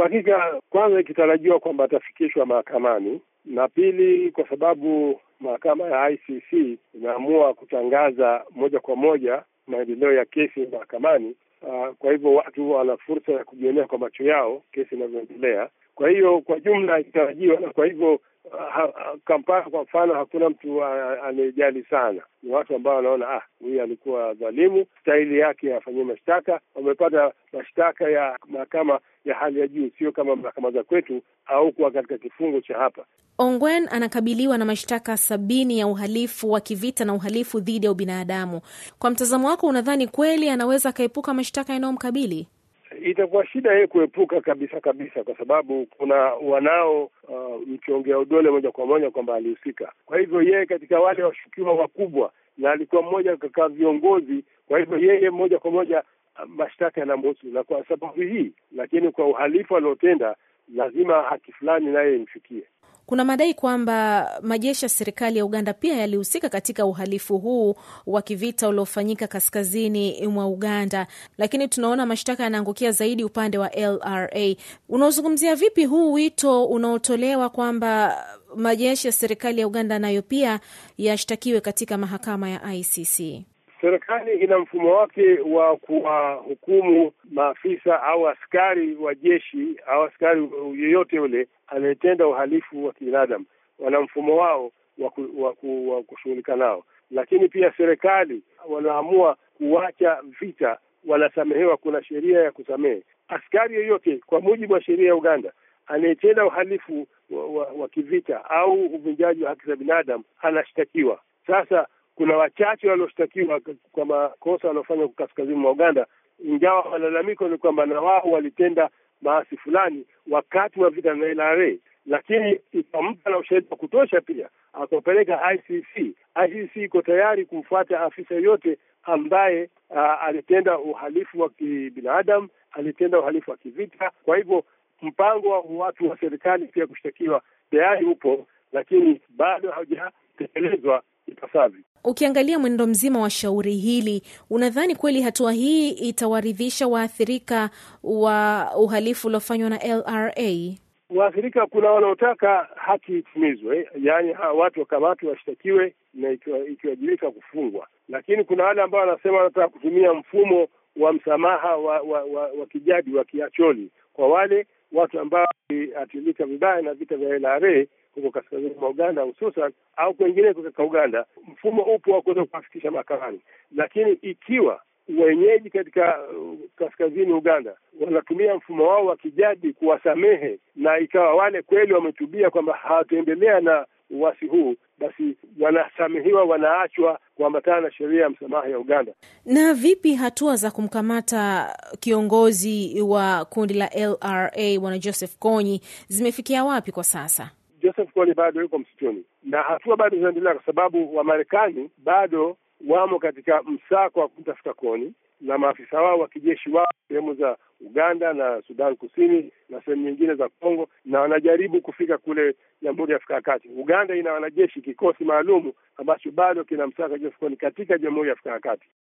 Kwa hakika, kwanza ikitarajiwa kwamba atafikishwa mahakamani, na pili kwa sababu mahakama ya ICC inaamua kutangaza moja kwa moja maendeleo ya kesi mahakamani. Uh, kwa hivyo watu wana fursa ya kujionea kwa macho yao kesi inavyoendelea. Kwa hiyo kwa jumla ikitarajiwa na kwa hivyo ha, Kampala kwa mfano, hakuna mtu anayejali sana. Ni watu ambao wanaona ah, huyu alikuwa dhalimu, stahili yake afanyie mashtaka. Wamepata mashtaka ya mahakama ya hali ya juu, sio kama mahakama za kwetu au kuwa katika kifungo cha hapa. Ongwen anakabiliwa na mashtaka sabini ya uhalifu wa kivita na uhalifu dhidi ya ubinadamu. Kwa mtazamo wako, unadhani kweli anaweza akaepuka mashtaka yanayomkabili? itakuwa shida yeye kuepuka kabisa kabisa, kwa sababu kuna wanao uh, mchongea udole moja kwa moja kwamba alihusika. Kwa hivyo yeye katika wale washukiwa wakubwa, na alikuwa mmoja katika viongozi, kwa hivyo yeye moja kwa moja uh, mashtaka yanamhusu, na kwa sababu hii, lakini kwa uhalifu aliotenda lazima haki fulani naye imfikie. Kuna madai kwamba majeshi ya serikali ya Uganda pia yalihusika katika uhalifu huu wa kivita uliofanyika kaskazini mwa Uganda, lakini tunaona mashtaka yanaangukia zaidi upande wa LRA. Unaozungumzia vipi huu wito unaotolewa kwamba majeshi ya serikali ya Uganda nayo pia yashtakiwe katika mahakama ya ICC? Serikali ina mfumo wake wa kuwahukumu maafisa au askari wa jeshi au askari yoyote yule anayetenda uhalifu wa kibinadamu. Wana mfumo wao wa kushughulika nao, lakini pia serikali wanaamua kuacha vita, wanasamehewa. Kuna sheria ya kusamehe askari yoyote kwa mujibu wa sheria ya Uganda anayetenda uhalifu wa, wa, wa kivita au uvunjaji wa haki za binadamu anashtakiwa. Sasa kuna wachache walioshtakiwa kwa makosa wanaofanywa kaskazini mwa Uganda, ingawa malalamiko ni kwamba na wao walitenda maasi fulani wakati wa vita na LRA, lakini ikampa na ushahidi wa kutosha pia akapeleka ICC. ICC iko tayari kumfuata afisa yoyote ambaye uh, alitenda uhalifu wa kibinadamu, alitenda uhalifu wa kivita. Kwa hivyo mpango wa watu wa serikali pia kushtakiwa tayari upo, lakini bado haujatekelezwa ipasavyo. Ukiangalia mwendo mzima wa shauri hili, unadhani kweli hatua hii itawaridhisha waathirika wa uhalifu uliofanywa na LRA? Waathirika kuna wanaotaka haki itimizwe, yaani watu wakamatwe, washtakiwe na ikiwajibika kufungwa, lakini kuna wale ambao wanasema wanataka kutumia mfumo wa msamaha wa wa, wa, wa kijadi wa kiacholi kwa wale watu ambao waliathirika vibaya na vita vya LRA huko kaskazini mwa Uganda hususan au kwengineko katika Uganda. Mfumo upo wa kuweza kuwafikisha mahakamani, lakini ikiwa wenyeji katika uh, kaskazini Uganda wanatumia mfumo wao wa kijadi kuwasamehe na ikawa wale kweli wametubia kwamba hawataendelea na uwasi huu, basi wanasamehiwa, wanaachwa kuambatana na sheria ya msamaha ya Uganda. Na vipi hatua za kumkamata kiongozi wa kundi la LRA Bwana Joseph Konyi zimefikia wapi kwa sasa? Joseph Kony bado yuko msituni na hatua bado zinaendelea, kwa sababu Wamarekani bado wamo katika msako wa kumtafuta koni na maafisa wao wa kijeshi wao sehemu za Uganda na Sudan Kusini na sehemu nyingine za Kongo, na wanajaribu kufika kule Jamhuri ya Afrika ya Kati. Uganda ina wanajeshi, kikosi maalumu ambacho bado kina msaka koni katika Jamhuri ya Afrika ya Kati.